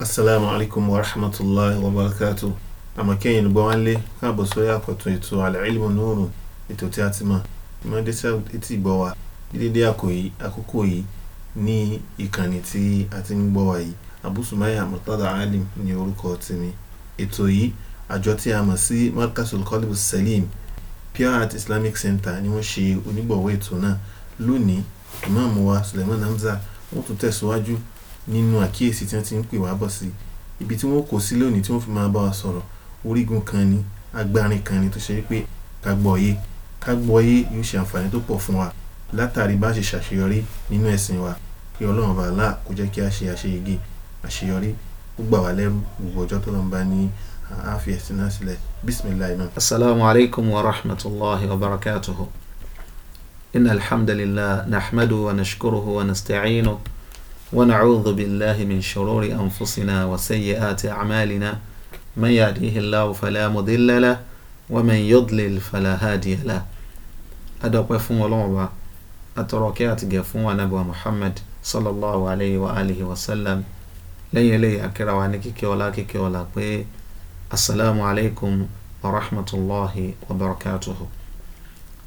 asalaamu alaykum wa rahmatulahi wa barakatu àmọ̀kẹ́yìn ló gbọ́ wá lé káàbọ̀ sórí àkọ́tún ètò Al-Ilmu Nuurun ètò tí a ti mọ̀ ìmọ̀dé tí gbọ́ wa dídé àkókò yìí ní ìkànnì tí a ti ń gbọ́ wa yìí Abu Sumaya Murtada Alim ní orúkọ tèmi ètò yìí àjọ tí a mọ̀ sí Markazul Qalbu Salim Pure Heart Islamic Center ni wọ́n ṣe onígbọ̀wọ́ ètò náà lónìí ìmáàmù wa Suleiman Hamza wọ́n tún tẹ̀síwájú nínú àkíyèsí tí wọ́n ti ń pè wá bọ̀ sí ibi tí wọ́n kò sí lónìí tí wọ́n fi máa bá wa sọ̀rọ̀ orígun kan ni agbárin kan ni tó ṣe wípé ká gbọ́ yóò ṣe àǹfààní tó pọ̀ fún wa látàrí bá ṣe ṣàṣeyọrí nínú ẹ̀sìn wa kí ọlọ́run bá là kó jẹ́ kí a ṣe àṣeyege àṣeyọrí ó gbà wá lẹ́rú gbogbo ọjọ́ tó lọ́n bá ní àáfi ẹ̀sìn náà sílẹ̀ bisimilayi ونعوذ بالله من شرور أنفسنا وسيئات أعمالنا من يهديه الله فلا مضل له ومن يضلل فلا هادي له أدوك فون ولوبا أتركات جفون نبوة محمد صلى الله عليه وآله وسلم لن لي أكرا وانكي كيولا كيولا السلام عليكم ورحمة الله وبركاته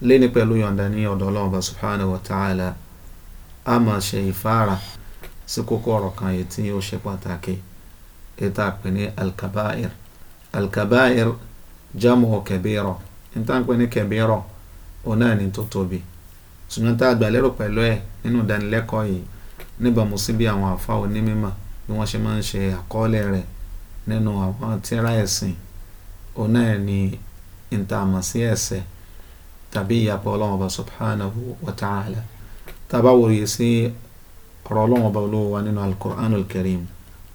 لين بلو يندني ودولوبا سبحانه وتعالى أما شيء فارح sí kókó ọ̀rọ̀ kan yìí tí ó ṣe pàtàkì ètò àpè ní alkabair alkabair jamu kẹbíirọ níta ń pè ní kẹbíirọ òun náà ní tó tóbi ṣùgbọ́n tá a gbà lérò pẹ̀lú ẹ̀ nínú ìdánilẹ́kọ̀ọ́ yìí níbàámu sí bí àwọn àfa onímọ̀ bí wọ́n ṣe máa ń ṣe àkọọ́lẹ̀ rẹ̀ nínú àwọn tírà ẹ̀sìn òun náà ní ìtààmọ̀ sí ẹ̀ṣẹ̀ tàbí ìyàpọ̀ ọlọ́run ọba subhanahu wa ta'ala tá a bá wòye sí ọ̀rọ̀ ọlọ́run ọba olówó wa nínú alukur'anul karim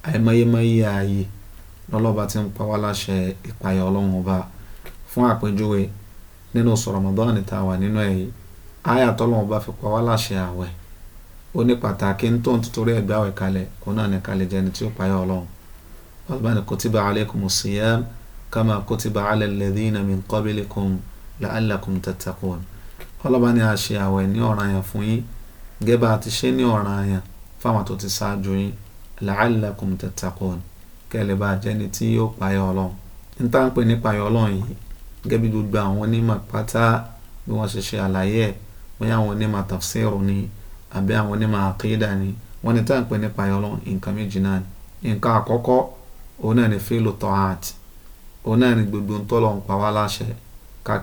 àìmọyémọyé ààyè lọ́lọ́ba ti ń pa wá láṣẹ ìpayà ọlọ́run ọba fún àpèjúwe nínú oṣù Ramadan tá a wà nínú ẹ̀ yìí àyà tọ́lọ́run ọba fi pa wá láṣẹ àwẹ̀ ó ní pàtàkì ń tóun títorí ẹ̀gbá àwẹ̀ kalẹ̀ kó náà ní kalẹ̀ jẹ́ni tí ó payà ọlọ́run ọlọ́bàní kutiba alaykumus siyam kama kutiba alal ladhina min qablikum la'allakum tattaqun ọlọ́bàní àṣẹ àwẹ̀ ní ọ̀ranyàn fún yín gẹ́bà àti ṣe ní ọ̀ràn àyàn fáwọn tó ti ṣáájú yín la'allakum tattaqun kẹ́lẹ̀ bá jẹ́ni tí yóò payọ̀ ọlọ́run n tá à ń pè ní payọ̀ ọlọ́run yìí gẹ́gẹ́ bí gbogbo àwọn onímọ̀ pátá bí wọ́n ṣe ṣe àlàyé ẹ̀ bóyá àwọn onímọ̀ tafsiru ni àbí àwọn onímọ̀ àkídà ni wọ́n ní tá à pè ní payọ̀ ọlọ́run nǹkan méjì náà ni nǹkan àkọ́kọ́ òun náà ni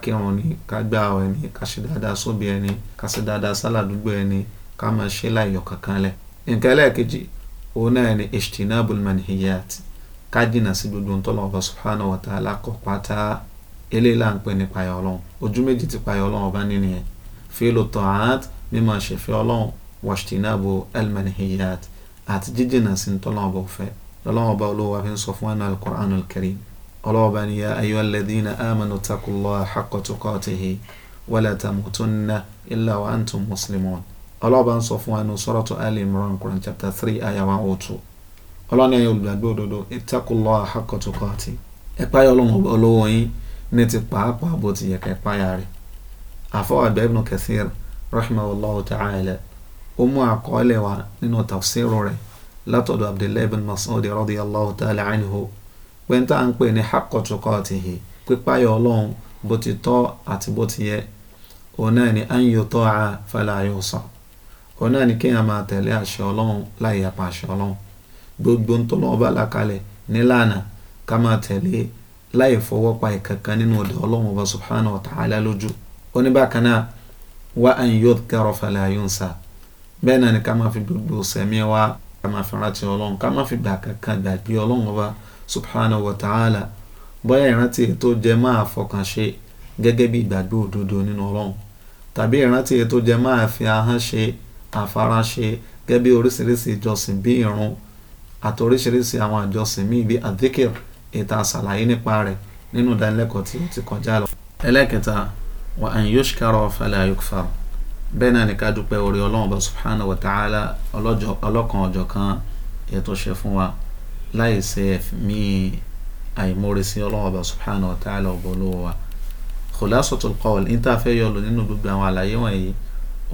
kírun ni ká gbà àwẹ̀ ni ká ṣe dáadáa sóbì ẹni ká ṣe dáadáa sálàdúgbò ẹni ká máa ṣe láìyọ̀ kankan lẹ̀ nǹkan ẹlẹ́ẹ̀kejì òun náà ni ishtinabul manhiyat ká jìnnà sí gbogbo ntọ́lọ́ ọba subhanahu wa ta'ala kọ̀ pátá eléyìí là ń pè ní payọ̀ ọlọ́run ojú méjì ti payọ̀ ọlọ́run ọba nínú yẹn fílò tọ́hát mímọ̀ ṣẹ̀fẹ́ ọlọ́run wàṣtìnàbò almanhiyat àti jíjìnà sí ntọ́lọ́ ọba òfẹ́ ọlọ́run olówó àfi ń sọ fún àná al-Qur'anul Karim ni ya ayyuhal ladhina amanu taqullaha haqqa tuqatihi wala tamutunna illa wa antum muslimun ọlọ́ọ̀bá ń sọ fún wa nínú suratu Ali Imran Quran chapter three aya one oh two ọlọ́ni ẹ̀yin olùgbàgbọ́ òdodo ittaqullaha haqqa tuqati ẹ páyà ọlọ́run ọba olówó yín ní ti pàápàá bó ti yẹ ká ẹ páyà rẹ̀ àfọwàgbà Ibn Kathir rahimahullahu ta'ala ó mú àkọọ́lẹ̀ wa nínú tafsiru rẹ̀ látọ̀dọ̀ Abdullahi bin Mas'ud radiyallahu ta'ala anhu pẹ́ńtà ń pè òun náà ni kéèyàn máa tẹ̀lé àṣẹ ọlọ́run láì yapa àṣẹ ọlọ́run gbogbo ń tọ́lọ́run bá làkalẹ̀ nílànà ká máa tẹ̀lé láì fọwọ́ pa ìkankan nínú ọ̀dọ̀ ọlọ́run ọba subhanahu wa ta'ala lójú ó ní bákan náà wa an yudhkara fala yunsa bẹ́ẹ̀ náà ni ká máa fi gbogbo sẹ̀mí wa ká máa fi rántí ọlọ́run ká máa fi gbà kankan gbàgbé ọlọ́run ọba subhanahu wa ta'ala bóyá ìrántí ètò jẹ máa fọkànṣe gẹ́gẹ́ bí ìgbàgbé òdodo nínú ọlọ́run tàbí ìrántí ètò jẹ máa fi ahọ́n ṣe àfaraṣe gẹ́gẹ́ bí oríṣiríṣi ìjọsìn bí irun àti oríṣiríṣi àwọn ìjọsìn míì bí adhikir ìta àṣàlàyé nípa rẹ̀ nínú ìdánilẹ́kọ̀ọ́ tí ó ti kọjá lọ. ẹlẹ́kẹta wa an yushkara fala yukfar bẹ́ẹ̀ náà ni ká dúpẹ́ orí ọlọ́run bá subhanahu wa ta'ala ọlọ́kan ọ̀jọ̀ kan ètò ṣe fún wa láì ṣe ẹ̀mí àìmórí ọlọ́run bá subhanahu wa ta'ala ọ̀bọ̀ olówó wa. khulasatul qawl ní tá a fẹ́ yọ lò nínú gbogbo àwọn àlàyé wọ̀nyí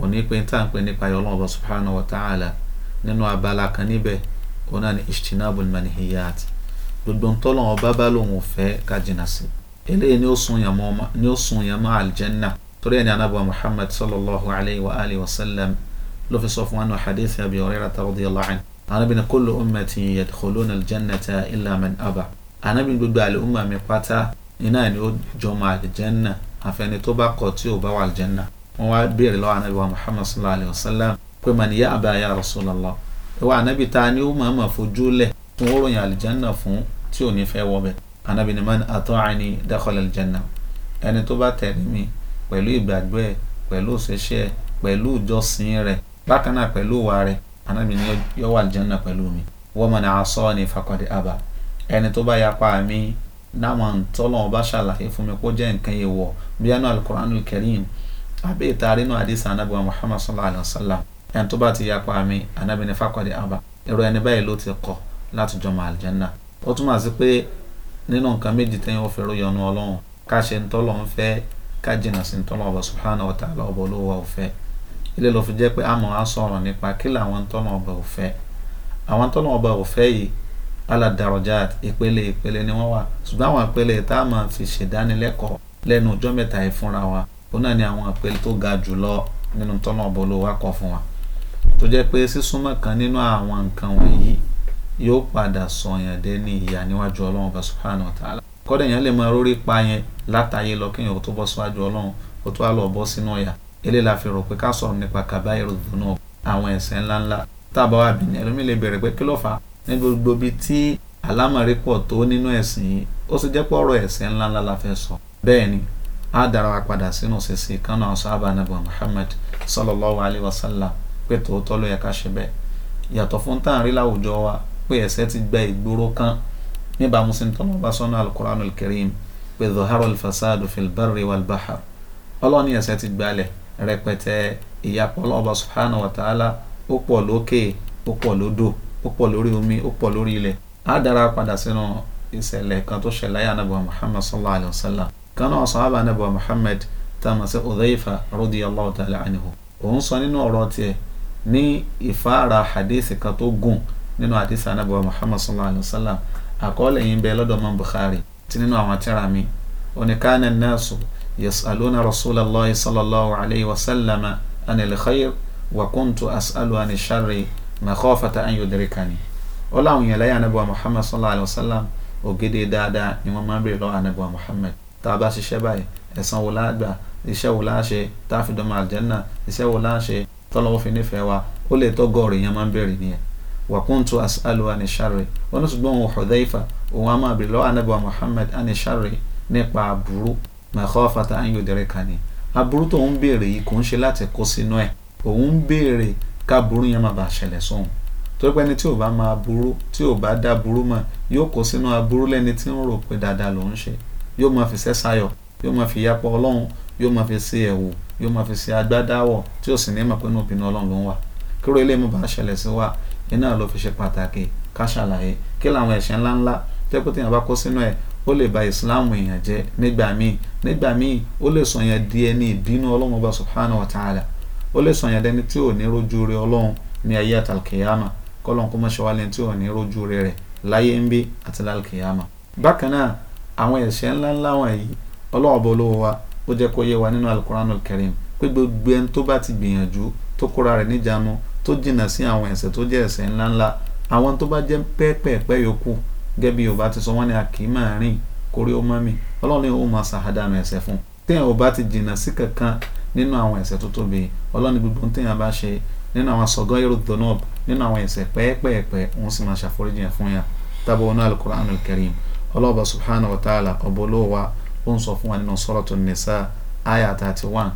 òní pé tá à ń pè nípa ayọ̀ ọlọ́run ọba subhanahu wa ta'ala nínú abala kan níbẹ̀ òun náà ni ishtinabul manihiyat gbogbo ntọ́lọ́wọ́n bá bá lòun ò fẹ́ ká jìnnà sí eléyìí ni ó sun yàn mọ́ aljanna torí ẹni anábọ̀ muhammad sallallahu alayhi wa alihi wa sallam ló fi sọ fún wa nù hadithi abi hurairah radiyallahu anhu anabi ni kullu ummati yadkhuluna aljannata illa man aba anabi gbogbo àlè umma mi pátá iná ni ó jọmọ aljanna àfẹni bá kọ̀ tí ò bá wà aljanna wọ́n wá béèrè lọ́wọ́ anabi wa muhammad sallallahu alayhi wa sallam pé màá ní yá àbá ya rasulallah ìwà anabi ta ni ó máa ma fojú lẹ̀ fún oróyìn alìjánná fún tí ò ní fẹ́ wọ anabi ni man ata'ani dakhala alìjánná ẹni tó bá tẹ̀lé mi pẹ̀lú ìgbàgbọ́ ẹ̀ pẹ̀lú òṣèṣẹ́ ẹ̀ pẹ̀lú ìjọsìn rẹ̀ bákan náà pẹ̀lú ìwà rẹ̀ anabi ni yọ wà alìjánná pẹ̀lú mi wa man asani faqad aba ẹni tó bá yapa mi náwọn tọ́lọ́ ọba ṣàlàyé fún mi kó jẹ́ nǹkan yìí wọ̀ bí anú al àbí ìtaari náà àdìsàn anábìwá muhammad sallallahu alayhi wa sallam ẹni tó bá ti yapa mi anábì ní fakọ̀dé àbá irú ẹni báyìí ló ti kọ̀ láti jọmọ àlìjánná ó túmọ̀ sí pé nínú nǹkan méjì tẹ́yìn ó fẹ́ràn yọnu ọlọ́run ká ṣe ń tọ́lọ̀ ń fẹ́ ká jìnnà sí ń tọ́lọ̀ ọba subhanahu wa ta'ala ọba olówó ọ̀fẹ́ ilé ló fi jẹ́ pé àmọ́ á sọ̀rọ̀ nípa kí làwọn tọ́lọ̀ ọba ọ̀fẹ́ àwọn tọ́lọ̀ ọba ọ̀fẹ́ yìí aladarajat ìpele ìpele ni wọ́n wà ṣùgbọ́n àwọn ìpele tá máa fi ṣèdánilẹ́kọ̀ọ́ lẹ́nu ọjọ́ mẹ́ta yìí fúnra wa òun ni àwọn àpèlé tó ga jù lọ nínú tọ́nà ọ̀bọ ló wá fún wa tó jẹ́ pé sísúnmọ́ kan nínú àwọn nǹkan wọ̀nyí yóò padà sọ̀yàn dé ní ìyà níwájú ọlọ́run bá subhanahu wa ta'ala kọ́dà èèyàn lè máa rórí pa yẹn látàyè lọ kéèyàn ó tó bọ́ síwájú ọlọ́run ó tó wá lọ bọ́ sínú ọ̀yà eléyìí la fi rò pé ká sọ̀rọ̀ nípa kàbáyèrò dùnú àwọn ẹ̀ṣẹ̀ ńláńlá tábà wà bí ní ẹlòmíì lè bẹ̀rẹ̀ pé kí ló fà á ní gbogbo bíi tí alámọ̀rí pọ̀ tó nínú ẹ̀sìn yìí la fẹ́ sọ á dára wa padà sínú ṣẹṣẹ kánú àwọn sábà nàbọ Muhammad sallallahu alayhi wa sallam pé tòótọ́ ló yẹ ká ṣe bẹ́ẹ̀ yàtọ̀ fún táàrin láwùjọ wa pé ẹ̀ṣẹ̀ ti gba ìgboro kan níbàámu sí tọ́nà bá sọ́nà al pé zahara al-fasadu fil ọlọ́ni ẹ̀ṣẹ̀ ti gbalẹ̀ rẹpẹtẹ ìyapọ̀ ọlọ́ọ̀bà subhanahu wa ta'ala ó pọ̀ lókè ó pọ̀ lódò ó pọ̀ lórí omi ó pọ̀ lórí ilẹ̀ á dára padà sínú ìṣẹ̀lẹ̀ kan tó ṣẹlẹ̀ ayé anábọ̀ Muhammad sallallahu alayhi wa sallam kan náà sàhábà ànábì wa Muhammad tàmà sí Udhayfa radiyallahu ta'ala anhu òun sọ nínú ọ̀rọ̀ tiẹ̀ ní ìfáàrà hadith kan tó gùn nínú hadith ànábì wa Muhammad sallallahu alayhi wa sallam àkọọ́lẹ̀ yìí ń bẹ lọ́dọ̀ mọ́ Bukhari ti nínú àwọn tírà mi oníkànnì nẹ́ẹ̀sù yasaluna rasulallah sallallahu alayhi wa sallam anil khair wa kuntu as'alu anil sharri makhofata an yudrikani ó láwọn yẹn lẹ́yìn anabiwa muhammad sallallahu alayhi wa sallam ògidì dáadáa ni wọ́n máa ń bèrè lọ́wọ́ anabiwa muhammad tá a bá ṣiṣẹ́ báyìí ẹ̀san wo la gbà iṣẹ́ wo la ṣe tá a fi dọ́mọ àlùjànnà iṣẹ́ wo la ṣe tọ́lọ́wọ́ fi nífẹ̀ẹ́ wa ó lè tọ́ gọ́ọ̀rì yẹn máa ń bèrè nìyẹn wa kuntu as'aluhu ani sharri wọn lọ́sùn gbọ́n wọn Hudhayfa òun á máa bèrè lọ́wọ́ anábìwá Muhammad ani sharri nípa aburú makhafata an yudrikani aburú tó ń béèrè yìí kò ń ṣe láti kó sínú ẹ̀ òun ń béèrè káburú yẹn má bàa ṣẹlẹ̀ sóhun torí pé ẹni tí ò bá máa burú tí ò bá dá burú mọ̀ yóò kó sínú aburú lẹ́ni tí ń rò pé dáadáa lòún ṣe yóò máa fi sẹ́sayọ̀ yóò máa fi yapọ̀ ọlọ́run yóò máa fi ṣe ẹ̀wù yóò máa fi ṣe agbádáwọ̀ tí ó sì ní mọ̀ pé inú ìpinnu ọlọ́run ló ń wà kúrò ilé mọ̀ bá ṣẹlẹ̀ sí wa iná ló fi ṣe pàtàkì ká ṣàlàyé kí làwọn ẹ̀ṣẹ̀ ńláńlá jẹ́ pé téèyàn bá kó sínú ẹ̀ ó lè ba ìsìláàmù èèyàn jẹ́ nígbà míì nígbà míì ó lè sọ yẹn di ẹni ìbínú ọlọ́run ọba subhanahu wa ta'ala ó lè sọ yẹn dẹni tí ò ní rojú rẹ ọlọ́run ní ayé àtàlùkìyàmà kọ́lọ́n kó mọ́ṣọ́ wa lẹ́ni tí ò ní rojú rẹ láyé ń bí àti lálùkìyàmà. bákan náà àwọn ẹ̀ṣẹ̀ ńláńlá wọ̀nyí ọlọ́wọ́ bọ́ lọ́wọ́ wa ó jẹ́ kó yé wa nínú alukoranu karim pé gbogbo ẹni tó bá ti gbìyànjú tó kóra rẹ̀ níjànú tó jìnnà sí àwọn ẹ̀ṣẹ̀ tó jẹ́ ẹ̀ṣẹ̀ ńláńlá àwọn tó bá jẹ́ pẹ́ẹ́pẹ́ẹ́pẹ́ yòókù gẹ́gẹ́ bí yorùbá ti sọ wọ́n ní àkìmọ̀ rìn kórí ó mọ́mì ọlọ́run ni ó máa ṣàhádànù ẹ̀ṣẹ̀ fún téèyàn ò bá ti jìnnà sí kankan nínú àwọn ẹ̀ṣẹ̀ tó tóbi ọlọ́run ni gbogbo téèyàn ọlọ́ọ̀bà subhanahu wa ta'ala ọ̀bọ̀ olóòwà ó ń sọ fún wa nínú sọ́rọ̀tò nìsa àyà thirty one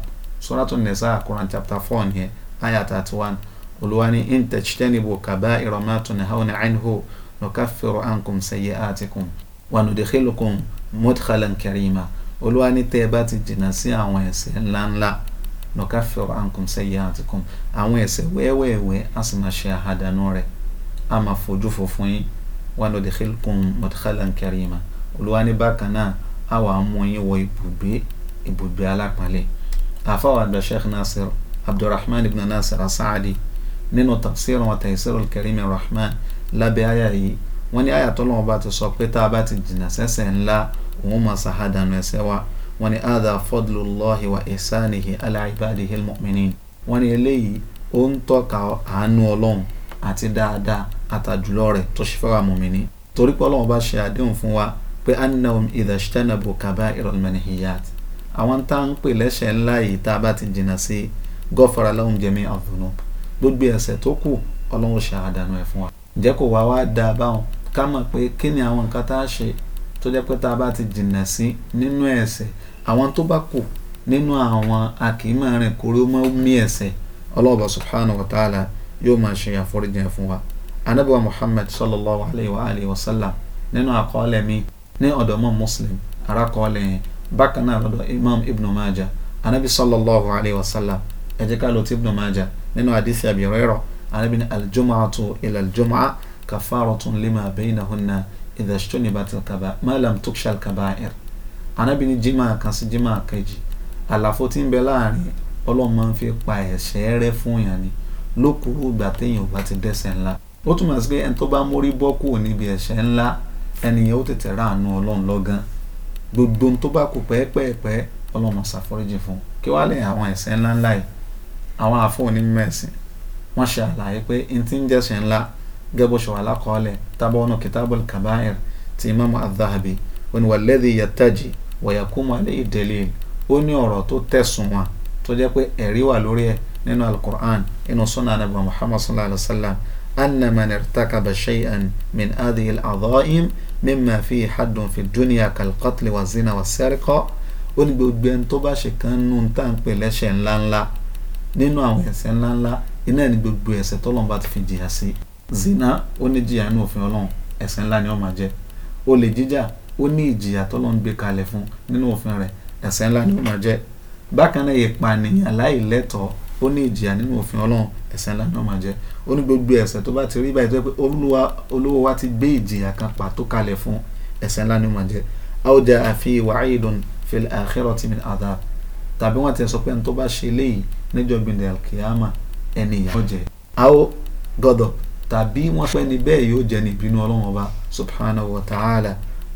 sọ́rọ̀tò nìsa Quran chapter four nìyẹn àyà thirty one olùwà ni in tajtanibu kaba'ira ma tunhawna anhu nukaffiru ankum sayyi'atikum wa nudkhilukum mudkhalan karima olùwà ni tẹ́ ẹ bá ti jìnnà sí àwọn ẹ̀ṣẹ̀ ńláńlá nukaffiru ankum sayyi'atikum àwọn ẹ̀ṣẹ̀ wẹ́wẹ́wẹ́ a sì máa ṣe àhàdánù rẹ̀ a máa fojú fo fún wanudkhilkum mudkhalan karima olúwa ní bákan náà a wà mú yín wọ ibùgbé ibùgbé alápọ̀nlé àfọwọ́ àgbà sheikh nasir abdulrahman ibn nasir asaadi nínú tafsir wa taysir al-karim rahman lábẹ́ àyà yìí wọ́n ní àyà tó lọ́wọ́ bá ti sọ pé tá a bá ti jìnnà sẹ́ṣẹ̀ ńlá òun máa sàhádànù ẹ̀ṣẹ̀ wa wọ́n ní adha fadlullahi wa ihsanihi ala ibadihi al-mu'minin wọ́n ní eléyìí ó ń tọ́ka àánú ọlọ́run àti dáadáa àtàjùlọ rẹ̀ tó ṣe fẹ́ràn mùmíní torí pé ọlọ́run bá ṣe àdéhùn fún wa pé annahum idha ijtanabu kaba'irul manhiyat àwọn tá à ń pè lẹ́ṣẹ̀ ńlá yìí tá a bá ti jìnnà sí ghafara lahum jami'ad dhunub gbogbo ẹ̀ṣẹ̀ tó kù ọlọ́run ṣe àdánù ẹ̀ fún wa. ǹjẹ́ kò wá wá da báwọn ká mọ̀ pé kí ni àwọn nǹkan tá a ṣe tó jẹ́ pé tá a bá ti jìnnà sí nínú ẹ̀ṣẹ̀ àwọn tó bá kù nínú àwọn akímọ̀rin kò rí mọ́ mí ẹ̀ṣẹ̀ ọlọ́ọ̀bà subhanahu wa ta'ala yóò máa ṣe àforíjì ẹ̀ fún wa anabi wa muhammad sallallahu alayhi wa alihi wa sallam nínú àkọọ́lẹ̀ mi ní ọ̀dọ̀ mọ́ muslim arákọọ́lẹ̀ yẹn bákan náà lọ́dọ̀ imam ibn majah anabi sallallahu alayhi wa sallam ẹ jẹ́ ká lọ ti ibn majah nínú àdìsí abi hurairah anabi ní aljumu'atu ila aljumu'a kafaratun lima baynahunna idha ijtunibatil kaba'ir ma lam tukshal kaba'ir anabi ní jimá kan sí jimá kejì àlàfo tí ń bẹ láàrin ọlọ́run máa ń fi pa ẹ̀ṣẹ̀ rẹ́ fún yàn ni lókùrú ìgbà téèyàn ò bá ti dẹ́ṣẹ̀ ńlá ó túmọ̀ sí pé ẹni tó bá mórí bọ́ kúrò níbi ẹ̀ṣẹ̀ ńlá ẹnìyẹn ó tètè ráàánú ọlọ́run lọ́gán gbogbo tó bá kù pẹ́ẹ́pẹ́ẹ́pẹ́ ọlọ́run ṣàforíjì fún kí wàá lè àwọn ẹ̀ṣẹ̀ ńláńlá yìí àwọn àfọ̀n onímọ̀ wọ́n ṣe àlàyé pé n ti ń jẹ́ṣẹ̀ ńlá gẹ́gbó ṣe lákọọ́lẹ̀ tábọ́nù kitabul kabair ti nínú alukur'an inú sunan anabi muhammad sallallahu alaihi wa sallam anna man irtakaba shay'an min adhihi al-adha'im mimma fi haddun fi dunya kalqatli wa zina wa sariqa ó ní gbogbo ẹni tó bá ṣe kan nù tá à ń pè lẹ́ṣẹ̀ ńláńlá nínú àwọn ẹ̀ṣẹ̀ ńláńlá iná ní gbogbo ẹ̀ṣẹ̀ tọ́lọ́run bá ti fi jìyà sí zina ó ní jìyà ní òfin ọlọ́run ẹ̀ṣẹ̀ ńlá ni ó máa jẹ́ olè jíjà ó ní ìjìyà tọ́lọ́run gbé kalẹ̀ fún nínú òfin rẹ̀ ẹ̀ṣẹ̀ ńlá ni ó máa jẹ́ bákan náà ìpànìyàn láì lẹ́tọ̀ọ́ ó ní ìjìyà nínú òfin ọlọ́run ẹ̀ṣẹ̀ ńlá náà máa jẹ́ ó ní gbogbo ẹ̀ṣẹ̀ tó bá ti rí báyìí tó yẹ pé olúwa olówó wa ti gbé ìjìyà kan pàtó kalẹ̀ fún ẹ̀ṣẹ̀ ńlá ni máa jẹ́ àwùjọ àfi wa'idun fil akhirati min adhab tàbí wọ́n ti sọ pé ẹni tó bá ṣe léyìí níjọ́ gbìndẹ̀ alkiyama ẹni ìyà jẹ àwọ gọdọ tàbí wọ́n pẹ́ ni bẹ́ẹ̀ yóò jẹ ní ìbínú ọlọ́run ọba subhanahu wa ta'ala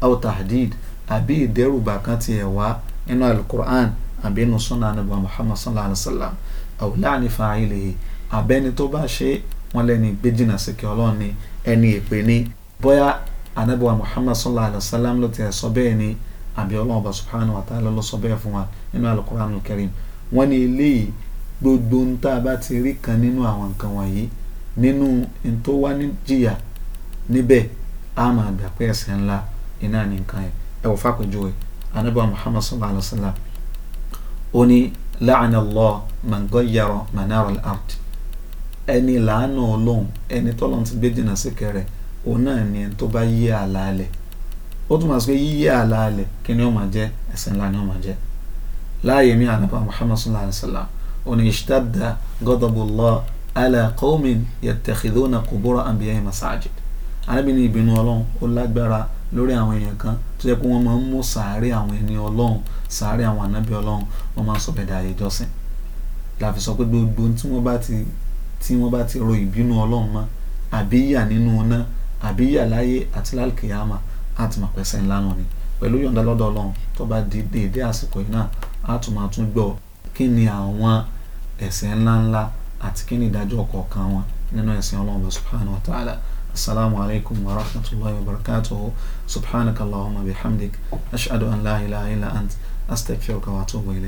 aw tahdid àbí ìdẹ́rùbà kan ti ẹ̀ wá inú alukur'an àbí sunnah anabi muhammad sallallahu alayhi wa sallam àwòlá ní fàáyìlì abẹ́ni tó bá ṣe wọn lẹ́ni gbé jìnnà síkì ọlọ́run ni ẹni èpè ni bóyá anabiwa muhammad sallallahu alayhi wa sallam ló ti sọ bẹ́ẹ̀ ni àbí ọlọ́run ọba subhanahu wa ta'ala ló sọ bẹ́ẹ̀ fún wa nínú alukur'an karim wọn ni eléyìí gbogbo ń tá a bá ti rí kan nínú àwọn nǹkan wọ̀nyí nínú n tó wá ní jìyà níbẹ̀ a máa gbà pé ẹ̀ṣẹ̀ ńlá iná nìkan ẹ̀ ẹ̀ wò fàkójú ẹ̀ anabiwa muhammad sallallahu alayhi wa sallam ó ní láàánà lọ màgọ́yàrọ̀ manara al-ard ẹni làánà ọlọ́run ẹni tọ́lọ́run ti gbé jìnnà sí kẹrẹ òun náà ni ẹni tó bá yí àlà alẹ̀ ó tún máa sọ pé yíyí àlà alẹ̀ kí ni ó máa jẹ́ ẹ̀ṣẹ̀ ńlá ni ó máa jẹ́ láàyè mi ànábà muhammad sallallahu alayhi wa sallam òní ishtadda ghadabullah ala qawmin yattakhidhuna qubura anbiya'ihim masajid arábìnrin ìbínú ọlọ́run ó lágbára lórí àwọn èèyàn kan tó yẹ pé wọ́n máa ń mú sàárè àwọn ẹni ọlọ́run sàárè àwọn ànábì ọlọ́run wọ́n máa ń sọ bẹ́ẹ̀ dàyè jọ́sìn làfi sọ pé gbogbo tí wọ́n bá ti tí wọ́n bá ti ro ìbínú ọlọ́run mọ́ àbí yà nínú iná àbí yà láyé àti lálùkìyàmà àti màpẹ́sẹ̀ ńlá náà ni pẹ̀lú yọ̀ǹda lọ́dọ̀ ọlọ́run tó bá di déédéé àsìkò yìí náà á máa tún gbọ́ kí ni àwọn ẹ̀ṣẹ̀ ńláńlá àti kí ni ìdájọ́ ọ̀kọ̀ọ̀kan wọn nínú ẹ̀sìn ọlọ́run subhanahu wa ta'ala السلام عليكم ورحمة الله وبركاته سبحانك اللهم بحمدك أشهد أن لا إله إلا أنت أستغفرك وأتوب إليك